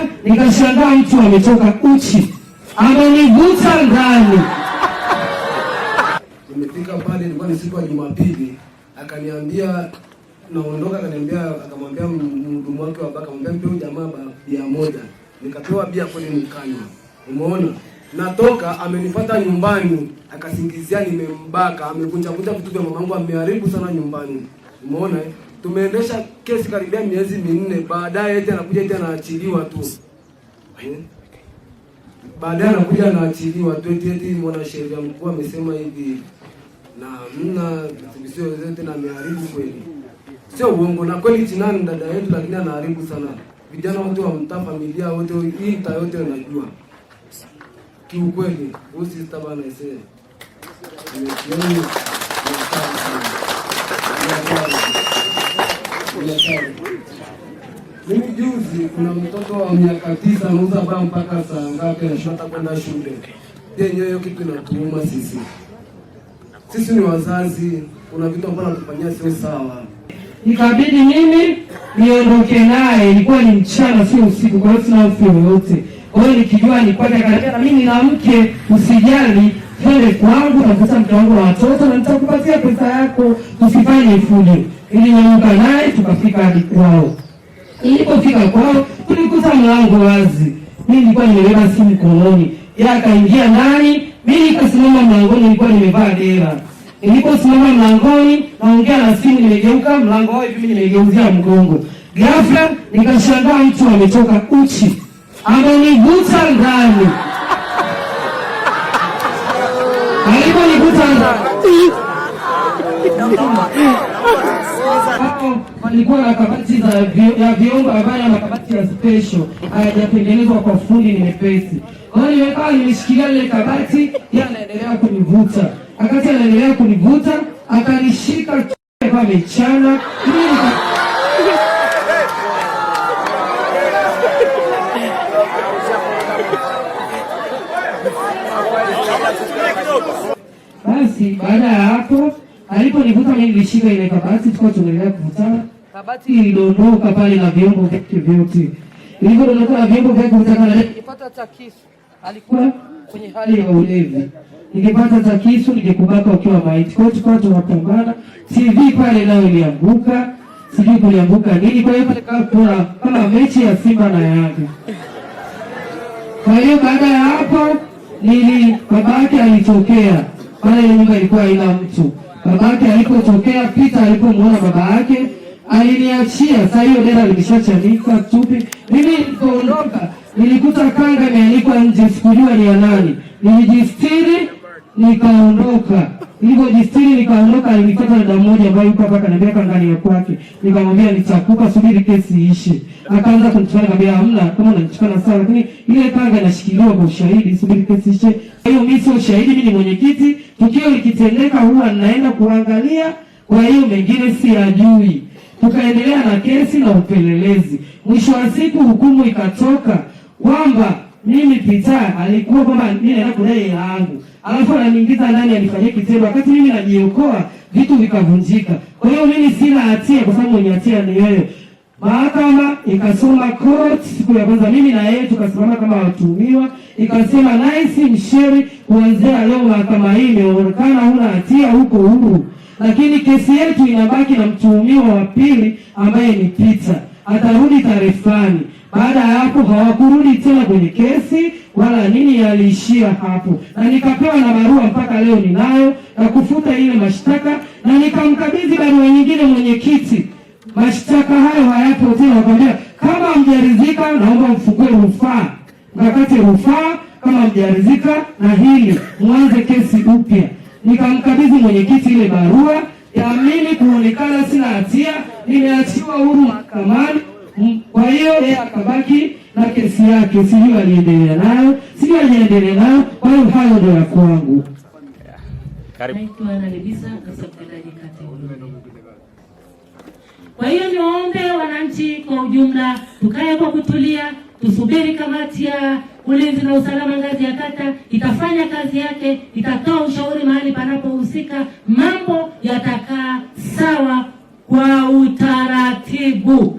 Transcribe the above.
nimeenda nikashangaa, mtu ametoka uchi amenivuta ndani. Nimefika pale, ilikuwa ni siku ya Jumapili, akaniambia naondoka, akaniambia, akamwambia mhudumu wake wa baka, mwambia mpe jamaa bia moja. Nikapewa bia kwenye nikanywa. Umeona, natoka amenipata nyumbani, akasingizia nimembaka, amevunjavunja vitu vya mamangu, ameharibu sana nyumbani. Umeona. Eh tumeendesha kesi karibia miezi minne, baadaye eti anakuja eti anaachiliwa tu, baadaye anakuja anaachiliwa tu eti eti mwanasheria mkuu amesema hivi na mna visio zote na ameharibu kweli. Sio uongo na kweli, Chinani dada yetu, lakini anaharibu sana vijana wote wa mtaa, familia wote, hii ta yote unajua kiukweli. Huyu sister bana isee mimi juzi kuna mtoto wa miaka tisa anauza baa mpaka saa ngapi, anashota kwenda shule. Yenyewe hiyo kitu inatuuma sisi. Sisi ni wazazi, kuna vitu ambavyo anatufanyia sio sawa. Nikabidi mimi niondoke naye, ilikuwa ni mchana, sio usiku, kwa hiyo sina hofu yoyote. Kwa hiyo nikijua nipate karibia, na mimi na mke, usijali hele kwangu nakuta mke wangu na watoto na nitakupatia pesa yako, tusifanye fujo. Ili niondoka naye tukafika hadi kwao. Nilipofika kwao kulikuta mlango wazi, mimi nilikuwa nimebeba simu mkononi, yeye akaingia ndani, mimi nikasimama mlangoni, nilikuwa nimevaa dera. Niliposimama mlangoni naongea na simu, nimegeuka mlango wao hivi, nimegeuzia mgongo, ghafla nikashangaa mtu ametoka uchi amenivuta ndani, nivuta ndani kulikuwa na kabati za ya viungo ambayo na kabati ya special hayajatengenezwa kwa fundi, ni mepesi. Na nimekaa nimeshikilia ile kabati, yeye anaendelea kunivuta, akati anaendelea kunivuta akanishika kwa chana basi baada ya hapo aliponivuta mimi nilishika ile kabati, tuko tunaendelea kuvutana ilidondoka pale na vyombo vyake vyote, ilivyodondoka na vyombo vyake alikuwa kwenye hali ya ulevi. nikipata takisu nikikubaka ukiwa maiti. Kwa hiyo tukawa tunapambana, TV pale nayo ilianguka, sijui kulianguka nini. Kwa hiyo kuna kama mechi ya Simba na Yanga. Kwa hiyo baada ya hapo nili babake alitokea pale, nyumba ilikuwa haina mtu. Babake alipotokea, Pita alipomwona baba yake aliniachia sasa. Hiyo dera limeshachanika tupi. Mimi nilipoondoka nilikuta kanga imeanikwa nje, sikujua ni ya nani. Nilijistiri nikaondoka. Nilipojistiri nikaondoka, nilipata dada mmoja ambaye yuko hapa, kaniambia kanga ni ya kwake. Nikamwambia nitakupa, subiri kesi iishe. Akaanza kunitukana, kaambia hamna, kama unanitukana sawa, lakini ile kanga inashikiliwa kwa ushahidi, subiri kesi iishe. Hiyo mimi sio shahidi, mimi ni mwenyekiti. Tukio likitendeka, huwa ninaenda kuangalia, kwa hiyo mengine siyajui. Tukaendelea na kesi na upelelezi, mwisho wa siku hukumu ikatoka kwamba mimi Pita alikuwa kwamba mimi naenda kudai hela yangu, alafu ananiingiza ndani anifanyia kitendo, wakati mimi najiokoa, vitu vikavunjika. Kwa hiyo mimi sina hatia, kwa sababu mwenye hatia ni yeye. Mahakama ikasoma court siku ya kwanza, mimi na yeye tukasimama kama watuhumiwa, ikasema Nice Msheri, kuanzia leo mahakama hii imeonekana huna hatia, huko huru lakini kesi yetu inabaki na mtuhumiwa wa pili ambaye ni Peter, atarudi tarehe fulani. Baada ya hapo hawakurudi tena kwenye kesi wala nini, yaliishia hapo, na nikapewa na barua mpaka leo ninayo na kufuta ile mashtaka, na nikamkabidhi barua nyingine mwenyekiti. Mashtaka hayo hayapo tena, wakambia kama mjarizika naomba mfukue rufaa, mkakate rufaa. Kama mjarizika na hili, mwanze kesi upya mwenyekiti ile barua tamimi kuonekana sina hatia, nimeachiwa huru mahakamani. Kwa hiyo yeye akabaki na kesi yake, sijui aliendelea nayo, sijui aliendelea nayo. Kwa hiyo hayo ndio ya kwangu. Kwa hiyo niwaombe wananchi kwa ujumla, tukae kwa kutulia, tusubiri kamati ya ulinzi na usalama ngazi ya kata itafanya kazi yake, itatoa ushauri mahali panapohusika, mambo yatakaa sawa kwa utaratibu.